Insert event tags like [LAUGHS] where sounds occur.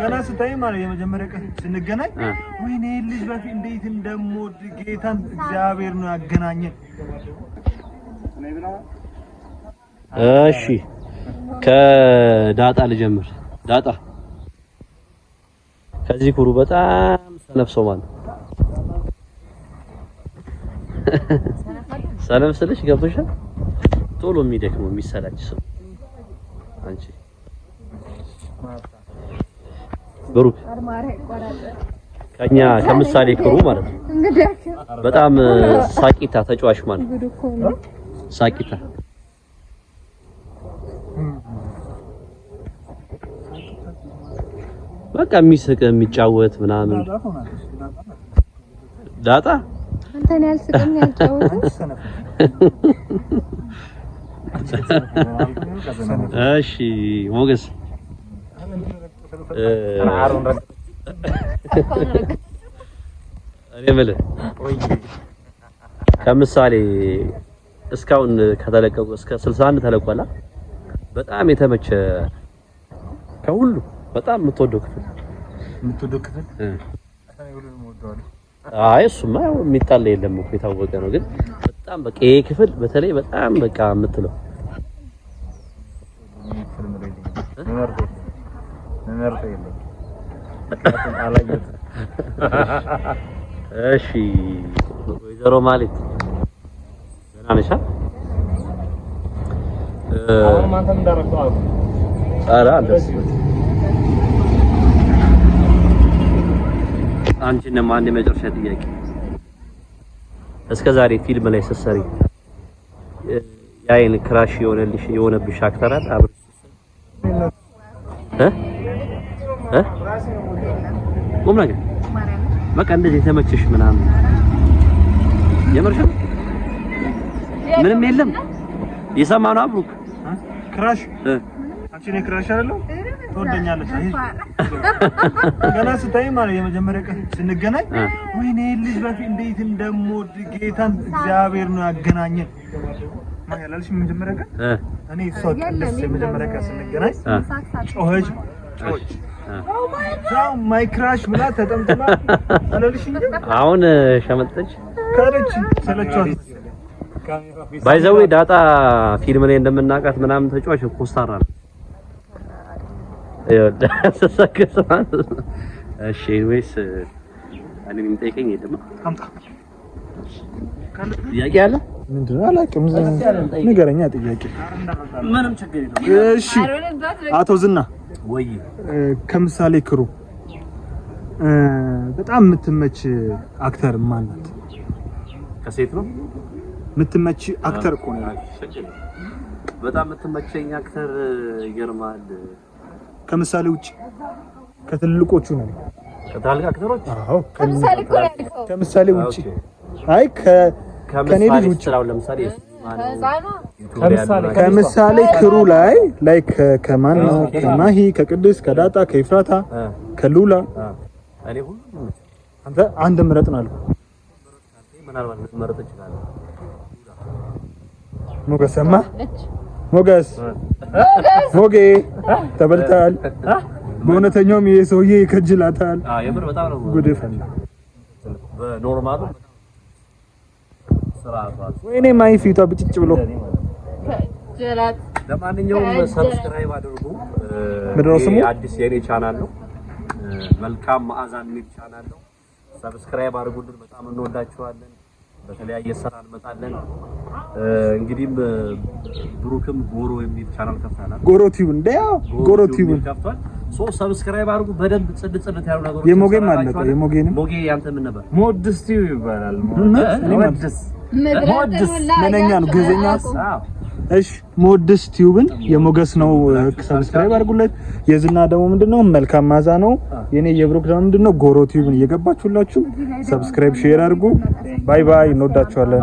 ገና ስታይ ማለት የመጀመሪያ ቀን ስንገናኝ ወይኔ ልጅ በፊት እንዴት እንደምወድ ጌታን እግዚአብሔር ነው ያገናኘን። እሺ ከዳጣ ልጀምር። ዳጣ ከዚህ ኩሩ በጣም ሰነፍ ሰው ማለት ሰነፍ ስልሽ ገብቶሻል። ቶሎ የሚደክመው የሚሰላች ሰው አንቺ ብሩክ ከኛ ከምሳሌ ክሩ ማለት ነው። በጣም ሳቂታ ተጫዋች ማለት ነው። ሳቂታ በቃ የሚስቅ የሚጫወት ምናምን ዳጣ አንተን ያልስቅም ያልጫወት እሺ ሞገስ እኔ የምልህ ከምሳሌ እስካሁን ከተለቀቁ እስከ 61 ተለቋላ። በጣም የተመቸ ከሁሉ በጣም የምትወደው ክፍል የምትወደው ክፍል? አይ እሱማ ያው የሚጣላ የለም እኮ የታወቀ ነው። ግን በጣም በቃ ይሄ ክፍል በተለይ በጣም በቃ የምትለው ምርጥ የለኝም። [LAUGHS] እሺ ወይዘሮ ማለት ደህና ነሽ? አንቺንም አንድ የመጨረሻ ጥያቄ እስከ ዛሬ ፊልም ላይ ስትሰሪ የአይን ክራሽ የሆነልሽ የሆነብሽ አክተር አለ? ቁም ነገር በቃ እንደዚህ የተመቸሽ ምናምን የመርሽም ምንም የለም። የሰማ ነው አብሩክ ክራሽ አንቺ ነኝ ክራሽ አይደለሁ። ትወደኛለች ገና ስታይ ማለት የመጀመሪያ ቀን ስንገናኝ ወይኔ ልጅ በፊት እንዴት እንደምወድ ጌታን እግዚአብሔር ነው ያገናኘን። ማን ያላልሽ የመጀመሪያ ቀን እኔ እሷ ደስ የመጀመሪያ ቀን ስንገናኝ ጮኸች ጮኸች Oh ማይክራሽ ብላ ተጠምጥማ አሁን ሸመጠች ከረች ሰለቻት። ባይዘዌ ዳጣ ፊልም ላይ እንደምናውቃት ምናምን ተጫዋች ኮስታራ ነው። እሺ ወይስ እኔ የሚጠይቀኝ የለም። ጥያቄ አለ ምንድን ነው አላውቅም። ንገረኛ ጥያቄ። ምንም ችግር የለም። እሺ አቶ ዝና ከምሳሌ ክሩ በጣም የምትመች አክተር ማን ከሴት ነው የምትመች አክተር እኮ ነው። በጣም የምትመቸኝ አክተር ይገርማል። ከምሳሌ ውጭ ከትልቆቹ ነው ከታልጋ አክተሮች። አዎ ከምሳሌ ውጭ አይ ከኔ ልጅ ውጭ ከምሳሌ ክሩ ላይ ላይ ከማን ነው ከማሂ ከቅድስ ከዳጣ ከኤፍራታ ከሉላ አንተ አንድ ምረጥ ነው አልኩህ። ሞገስ ሰማህ? ሞገስ ሞጌ ተበልተሃል። በእውነተኛውም ይሄ ሰውዬ ይከጅላታል። ጉድ ፈላ ወይኔ ማይ ፊቷ ብጭጭ ብሎ ለማንኛውም ሰብስክራይብ አድርጉ። ይሄ አዲስ የኔ ቻናል ነው። መልካም መዓዛ የሚል ቻናል ነው። ሰብስክራይብ አድርጉልን። በጣም እንወዳችኋለን። በተለያየ ስራ እንመጣለን። እንግዲህም ብሩክም ጎሮ የሚል ቻናል ከፍታላል። ጎሮ ቲዩብ እንደ ጎሮ ቲዩብ ከፍቷል። ሶ ሰብስክራይብ አድርጉ። በደንብ ጽድ ጽድ ያሉ ነገሮች የሞጌ ማለት ነው። የሞጌ ሞጌ ያንተ ምን ነበር? ሞድስ ቲዩብ ይባላል። ሞድስ ሞድስ ምንኛ ነው ግዜኛ። እሺ ሞድስ ቲዩብን የሞገስ ነው፣ ሰብስክራይብ አድርጉለት። የዝና ደግሞ ምንድነው መልካም ማዛ ነው። የኔ የብሩክ ደግሞ ምንድነው ጎሮ ቲዩብን እየገባችሁላችሁ ሰብስክራይብ፣ ሼር አድርጉ። ባይ ባይ፣ እንወዳችኋለን።